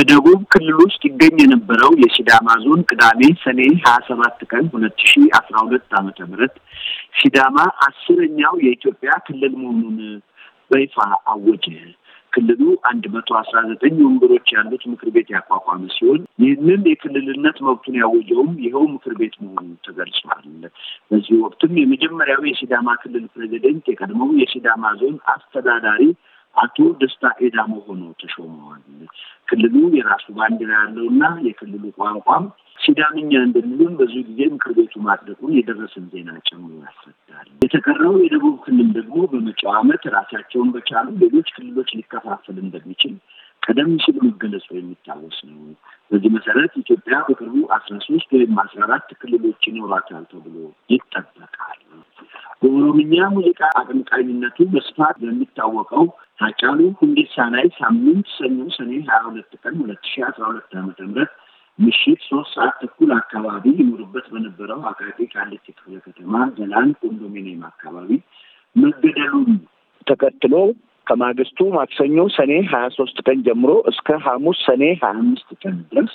በደቡብ ክልል ውስጥ ይገኝ የነበረው የሲዳማ ዞን ቅዳሜ ሰኔ ሀያ ሰባት ቀን ሁለት ሺ አስራ ሁለት ዓመተ ምህረት ሲዳማ አስረኛው የኢትዮጵያ ክልል መሆኑን በይፋ አወጀ። ክልሉ አንድ መቶ አስራ ዘጠኝ ወንበሮች ያሉት ምክር ቤት ያቋቋመ ሲሆን ይህንን የክልልነት መብቱን ያወጀውም ይኸው ምክር ቤት መሆኑ ተገልጿል። በዚህ ወቅትም የመጀመሪያው የሲዳማ ክልል ፕሬዚደንት የቀድሞው የሲዳማ ዞን አስተዳዳሪ አቶ ደስታ ኤዳሞ ሆኖ ተሾመዋል። ክልሉ የራሱ ባንዲራ ያለውና የክልሉ ቋንቋም ሲዳምኛ እንደሚሆን ብዙ ጊዜ ምክር ቤቱ ማጥደቁን የደረሰን ዜና ጨምሮ ያስረዳል። የተቀረው የደቡብ ክልል ደግሞ በመጪው ዓመት ራሳቸውን በቻሉ ሌሎች ክልሎች ሊከፋፈል እንደሚችል ቀደም ሲል መገለጹ የሚታወስ ነው። በዚህ መሰረት ኢትዮጵያ በቅርቡ አስራ ሶስት ወይም አስራ አራት ክልሎች ይኖራታል ተብሎ ይጠበቃል። በኦሮምኛ ሙዚቃ አቀንቃኝነቱ በስፋት በሚታወቀው ሃጫሉ ሁንዴሳ ላይ ሳምንት ሰኞ ሰኔ ሀያ ሁለት ቀን ሁለት ሺ አስራ ሁለት ዓመተ ምህረት ምሽት ሶስት ሰዓት ተኩል አካባቢ ይኖርበት በነበረው አቃቂ ቃሊቲ ክፍለ ከተማ ገላን ኮንዶሚኒየም አካባቢ መገደሉን ተከትሎ ከማግስቱ ማክሰኞ ሰኔ ሀያ ሶስት ቀን ጀምሮ እስከ ሐሙስ ሰኔ ሀያ አምስት ቀን ድረስ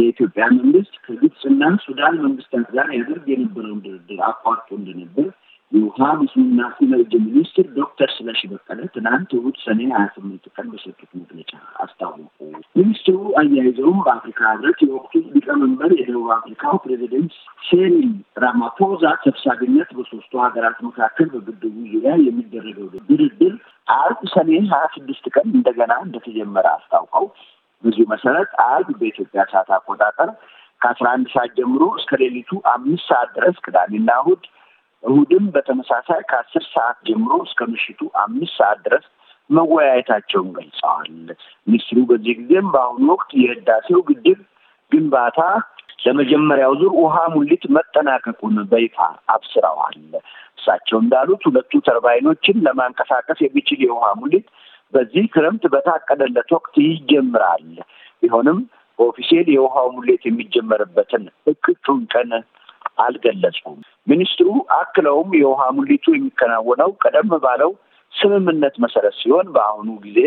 የኢትዮጵያ መንግስት ከግብፅና ሱዳን መንግስታት ጋር ያደርግ የነበረውን ድርድር አቋርጦ እንደነበር የውሃ መስኖና ኢነርጂ ሚኒስትር ዶክተር ስለሺ በቀለ ትናንት እሁድ ሰኔ ሀያ ስምንት ቀን በሰጡት መግለጫ አስታወቁ። ሚኒስትሩ አያይዘውም በአፍሪካ ህብረት የወቅቱ ሊቀመንበር የደቡብ አፍሪካው ፕሬዚደንት ሴሪል ራማፖዛ ሰብሳቢነት በሶስቱ ሀገራት መካከል በግድቡ ዙሪያ የሚደረገው ድርድር አርብ ሰኔ ሀያ ስድስት ቀን እንደገና እንደተጀመረ አስታውቀው በዚሁ መሰረት አርብ በኢትዮጵያ ሰዓት አቆጣጠር ከአስራ አንድ ሰዓት ጀምሮ እስከ ሌሊቱ አምስት ሰዓት ድረስ ቅዳሜና እሁድ። እሁድም በተመሳሳይ ከአስር ሰዓት ጀምሮ እስከ ምሽቱ አምስት ሰዓት ድረስ መወያየታቸውን ገልጸዋል። ሚኒስትሩ በዚህ ጊዜም በአሁኑ ወቅት የህዳሴው ግድብ ግንባታ ለመጀመሪያው ዙር ውሃ ሙሊት መጠናቀቁን በይፋ አብስረዋል። እሳቸው እንዳሉት ሁለቱ ተርባይኖችን ለማንቀሳቀስ የሚችል የውሃ ሙሊት በዚህ ክረምት በታቀደለት ወቅት ይጀምራል። ቢሆንም በኦፊሴል የውሃው ሙሌት የሚጀመርበትን እቅጩን ቀን አልገለጹም። ሚኒስትሩ አክለውም የውሃ ሙሊቱ የሚከናወነው ቀደም ባለው ስምምነት መሰረት ሲሆን በአሁኑ ጊዜ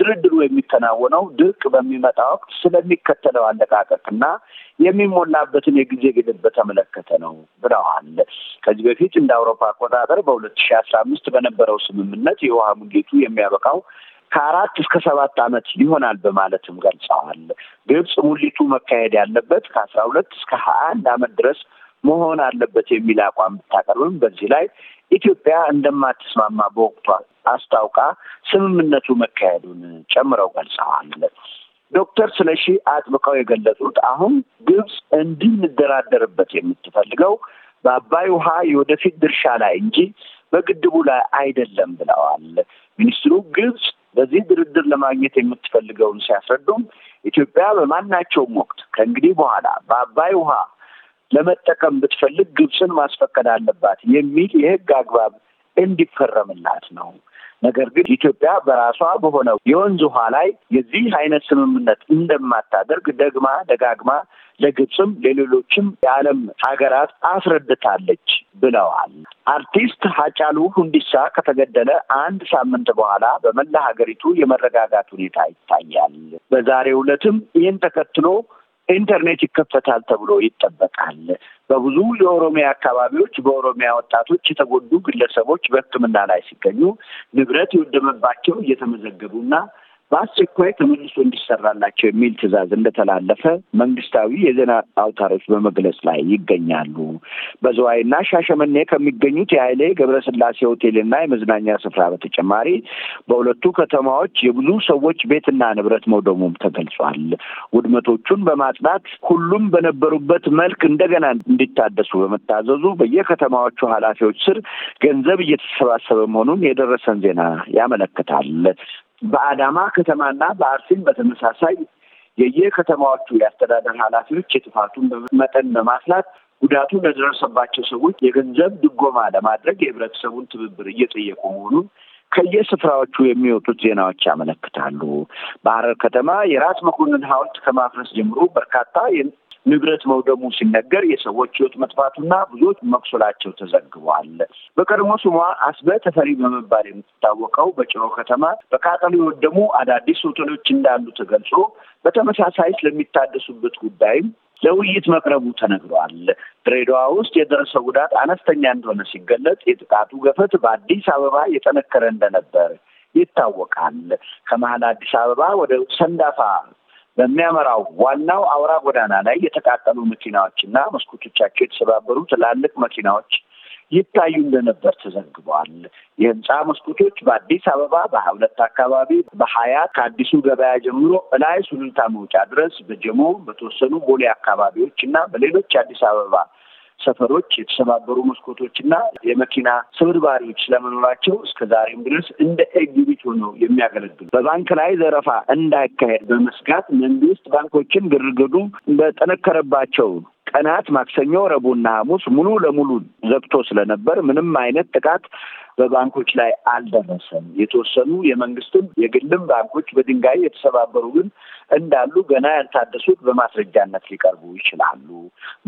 ድርድሩ የሚከናወነው ድርቅ በሚመጣ ወቅት ስለሚከተለው አለቃቀቅና የሚሞላበትን የጊዜ ገደብ በተመለከተ ነው ብለዋል። ከዚህ በፊት እንደ አውሮፓ አቆጣጠር በሁለት ሺ አስራ አምስት በነበረው ስምምነት የውሃ ሙሌቱ የሚያበቃው ከአራት እስከ ሰባት ዓመት ይሆናል በማለትም ገልጸዋል። ግብጽ ሙሊቱ መካሄድ ያለበት ከአስራ ሁለት እስከ ሀያ አንድ ዓመት ድረስ መሆን አለበት የሚል አቋም ብታቀርብም በዚህ ላይ ኢትዮጵያ እንደማትስማማ በወቅቱ አስታውቃ ስምምነቱ መካሄዱን ጨምረው ገልጸዋል። ዶክተር ስለሺ አጥብቀው የገለጹት አሁን ግብፅ እንድንደራደርበት የምትፈልገው በአባይ ውሃ የወደፊት ድርሻ ላይ እንጂ በግድቡ ላይ አይደለም ብለዋል። ሚኒስትሩ ግብፅ በዚህ ድርድር ለማግኘት የምትፈልገውን ሲያስረዱም ኢትዮጵያ በማናቸውም ወቅት ከእንግዲህ በኋላ በአባይ ውሃ ለመጠቀም ብትፈልግ ግብፅን ማስፈቀድ አለባት የሚል የህግ አግባብ እንዲፈረምላት ነው። ነገር ግን ኢትዮጵያ በራሷ በሆነ የወንዝ ውሃ ላይ የዚህ አይነት ስምምነት እንደማታደርግ ደግማ ደጋግማ ለግብፅም ለሌሎችም የዓለም ሀገራት አስረድታለች ብለዋል። አርቲስት ሀጫሉ ሁንዲሳ ከተገደለ አንድ ሳምንት በኋላ በመላ ሀገሪቱ የመረጋጋት ሁኔታ ይታያል። በዛሬው ዕለትም ይህን ተከትሎ ኢንተርኔት ይከፈታል ተብሎ ይጠበቃል። በብዙ የኦሮሚያ አካባቢዎች በኦሮሚያ ወጣቶች የተጎዱ ግለሰቦች በሕክምና ላይ ሲገኙ ንብረት የወደመባቸው እየተመዘገቡና በአስቸኳይ ተመልሶ እንዲሰራላቸው የሚል ትዕዛዝ እንደተላለፈ መንግስታዊ የዜና አውታሮች በመግለጽ ላይ ይገኛሉ። በዝዋይና ሻሸመኔ ከሚገኙት የኃይሌ ገብረስላሴ ሆቴልና የመዝናኛ ስፍራ በተጨማሪ በሁለቱ ከተማዎች የብዙ ሰዎች ቤትና ንብረት መውደሙም ተገልጿል። ውድመቶቹን በማጽዳት ሁሉም በነበሩበት መልክ እንደገና እንዲታደሱ በመታዘዙ በየከተማዎቹ ኃላፊዎች ስር ገንዘብ እየተሰባሰበ መሆኑን የደረሰን ዜና ያመለክታል። በአዳማ ከተማና በአርሲም በተመሳሳይ የየከተማዎቹ የአስተዳደር ኃላፊዎች የጥፋቱን መጠን በማስላት ጉዳቱ ለደረሰባቸው ሰዎች የገንዘብ ድጎማ ለማድረግ የህብረተሰቡን ትብብር እየጠየቁ መሆኑን ከየስፍራዎቹ የሚወጡት ዜናዎች ያመለክታሉ። በሐረር ከተማ የራስ መኮንን ሐውልት ከማፍረስ ጀምሮ በርካታ ንብረት መውደሙ ሲነገር የሰዎች ህይወት መጥፋቱና ብዙዎች መቁሰላቸው ተዘግቧል። በቀድሞ ስሟ አስበ ተፈሪ በመባል የምትታወቀው በጭሮ ከተማ በቃጠሎ የወደሙ አዳዲስ ሆቴሎች እንዳሉ ተገልጾ በተመሳሳይ ስለሚታደሱበት ጉዳይም ለውይይት መቅረቡ ተነግሯል። ድሬዳዋ ውስጥ የደረሰው ጉዳት አነስተኛ እንደሆነ ሲገለጽ የጥቃቱ ገፈት በአዲስ አበባ የጠነከረ እንደነበር ይታወቃል። ከመሀል አዲስ አበባ ወደ ሰንዳፋ በሚያመራው ዋናው አውራ ጎዳና ላይ የተቃጠሉ መኪናዎችና መስኮቶቻቸው የተሰባበሩ ትላልቅ መኪናዎች ይታዩ እንደነበር ተዘግቧል። የህንፃ መስኮቶች በአዲስ አበባ በሁለት አካባቢ በሀያ ከአዲሱ ገበያ ጀምሮ እላይ ሱሉልታ መውጫ ድረስ በጀሞ በተወሰኑ ቦሌ አካባቢዎች እና በሌሎች አዲስ አበባ ሰፈሮች የተሰባበሩ መስኮቶች እና የመኪና ስብርባሪዎች ስለመኖራቸው እስከ ዛሬም ድረስ እንደ ኤግ ነው የሚያገለግሉ። በባንክ ላይ ዘረፋ እንዳይካሄድ በመስጋት መንግስት ባንኮችን ግርግዱ በጠነከረባቸው ቀናት ማክሰኞ፣ ረቡዕና ሐሙስ ሙሉ ለሙሉ ዘግቶ ስለነበር ምንም አይነት ጥቃት በባንኮች ላይ አልደረሰም። የተወሰኑ የመንግስትም የግልም ባንኮች በድንጋይ የተሰባበሩ ግን እንዳሉ ገና ያልታደሱት በማስረጃነት ሊቀርቡ ይችላሉ።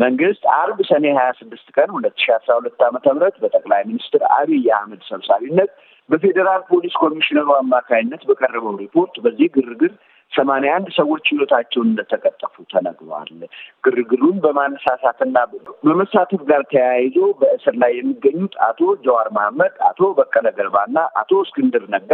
መንግስት አርብ ሰኔ ሀያ ስድስት ቀን ሁለት ሺ አስራ ሁለት ዓመተ ምህረት በጠቅላይ ሚኒስትር አብይ አህመድ ሰብሳቢነት በፌዴራል ፖሊስ ኮሚሽነሩ አማካኝነት በቀረበው ሪፖርት በዚህ ግርግር ሰማንያ አንድ ሰዎች ህይወታቸውን እንደተቀጠፉ ተነግሯል። ግርግሩን በማነሳሳትና በመሳተፍ ጋር ተያይዞ በእስር ላይ የሚገኙት አቶ ጀዋር መሐመድ፣ አቶ በቀለ ገርባና አቶ እስክንድር ነጋ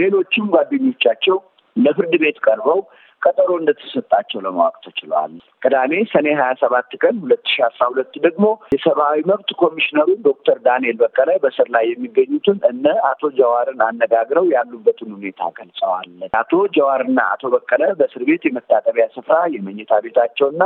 ሌሎችም ጓደኞቻቸው ለፍርድ ቤት ቀርበው ቀጠሮ እንደተሰጣቸው ለማወቅ ተችሏል። ቅዳሜ ሰኔ ሀያ ሰባት ቀን ሁለት ሺ አስራ ሁለት ደግሞ የሰብአዊ መብት ኮሚሽነሩ ዶክተር ዳንኤል በቀለ በስር ላይ የሚገኙትን እነ አቶ ጀዋርን አነጋግረው ያሉበትን ሁኔታ ገልጸዋል። አቶ ጀዋርና አቶ በቀለ በእስር ቤት የመታጠቢያ ስፍራ የመኝታ ቤታቸውና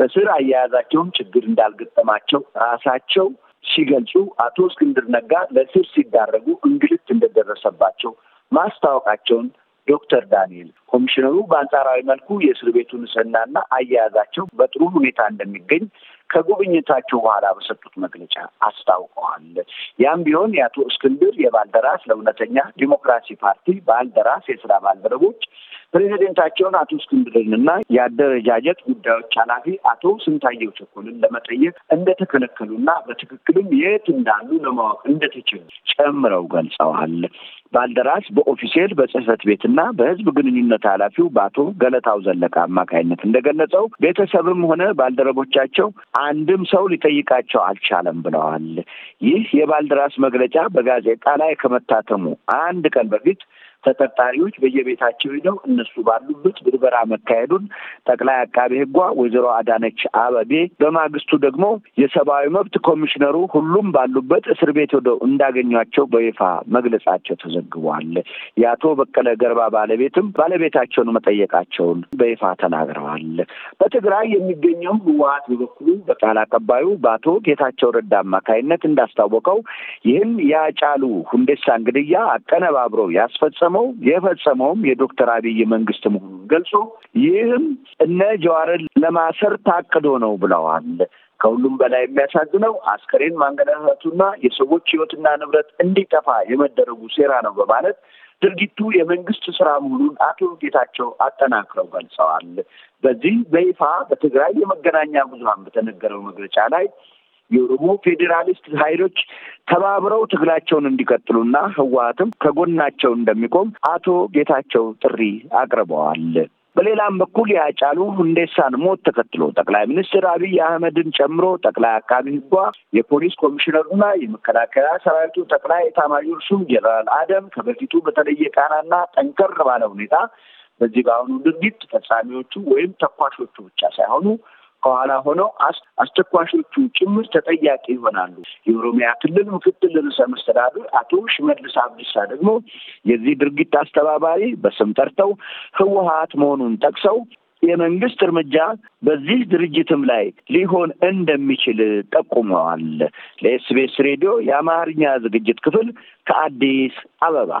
በስር አያያዛቸውም ችግር እንዳልገጠማቸው ራሳቸው ሲገልጹ አቶ እስክንድር ነጋ ለስር ሲዳረጉ እንግልት እንደደረሰባቸው ማስታወቃቸውን ዶክተር ዳንኤል ኮሚሽነሩ በአንጻራዊ መልኩ የእስር ቤቱ ንጽህናና አያያዛቸው በጥሩ ሁኔታ እንደሚገኝ ከጉብኝታቸው በኋላ በሰጡት መግለጫ አስታውቀዋል። ያም ቢሆን የአቶ እስክንድር የባልደራስ ለእውነተኛ ዲሞክራሲ ፓርቲ ባልደራስ የስራ ባልደረቦች ፕሬዚደንታቸውን አቶ እስክንድርንና የአደረጃጀት ጉዳዮች ኃላፊ አቶ ስንታየው ቸኮልን ለመጠየቅ እንደተከለከሉና በትክክልም የት እንዳሉ ለማወቅ እንደተችሉ ጨምረው ገልጸዋል። ባልደራስ በኦፊሴል በጽህፈት ቤትና በህዝብ ግንኙነት ኃላፊው በአቶ ገለታው ዘለቀ አማካይነት እንደገለጸው ቤተሰብም ሆነ ባልደረቦቻቸው አንድም ሰው ሊጠይቃቸው አልቻለም ብለዋል። ይህ የባልደራስ መግለጫ በጋዜጣ ላይ ከመታተሙ አንድ ቀን በፊት ተጠርጣሪዎች በየቤታቸው ሄደው እነሱ ባሉበት ብርበራ መካሄዱን ጠቅላይ አቃቤ ሕጓ ወይዘሮ አዳነች አበቤ በማግስቱ ደግሞ የሰብአዊ መብት ኮሚሽነሩ ሁሉም ባሉበት እስር ቤት ወደ እንዳገኟቸው በይፋ መግለጻቸው ተዘግቧል። የአቶ በቀለ ገርባ ባለቤትም ባለቤታቸውን መጠየቃቸውን በይፋ ተናግረዋል። በትግራይ የሚገኘው ህወሀት በበኩሉ በቃል አቀባዩ በአቶ ጌታቸው ረዳ አማካይነት እንዳስታወቀው ይህን ያጫሉ ሁንዴሳ እንግድያ አቀነባብረው ያስፈጸ የፈጸመው የፈጸመውም የዶክተር አብይ መንግስት መሆኑን ገልጾ ይህም እነ ጀዋርን ለማሰር ታቅዶ ነው ብለዋል። ከሁሉም በላይ የሚያሳዝነው አስከሬን ማንገላታቱና የሰዎች ህይወትና ንብረት እንዲጠፋ የመደረጉ ሴራ ነው በማለት ድርጊቱ የመንግስት ስራ መሆኑን አቶ ጌታቸው አጠናክረው ገልጸዋል። በዚህ በይፋ በትግራይ የመገናኛ ብዙሀን በተነገረው መግለጫ ላይ የኦሮሞ ፌዴራሊስት ኃይሎች ተባብረው ትግላቸውን እንዲቀጥሉና ህወሀትም ከጎናቸው እንደሚቆም አቶ ጌታቸው ጥሪ አቅርበዋል። በሌላም በኩል ያጫሉ ሁንዴሳን ሞት ተከትሎ ጠቅላይ ሚኒስትር አብይ አህመድን ጨምሮ ጠቅላይ አቃቢ ህጓ፣ የፖሊስ ኮሚሽነሩና የመከላከያ ሰራዊቱ ጠቅላይ ኤታማዦር ሹም ጀነራል አደም ከበፊቱ በተለየ ቃናና ጠንከር ባለ ሁኔታ በዚህ በአሁኑ ድርጊት ፈጻሚዎቹ ወይም ተኳሾቹ ብቻ ሳይሆኑ ከኋላ ሆነው አስቸኳሾቹ ጭምር ተጠያቂ ይሆናሉ። የኦሮሚያ ክልል ምክትል ርዕሰ መስተዳድር አቶ ሽመልስ አብዲሳ ደግሞ የዚህ ድርጊት አስተባባሪ በስም ጠርተው ህወሀት መሆኑን ጠቅሰው የመንግስት እርምጃ በዚህ ድርጅትም ላይ ሊሆን እንደሚችል ጠቁመዋል። ለኤስቢኤስ ሬዲዮ የአማርኛ ዝግጅት ክፍል ከአዲስ አበባ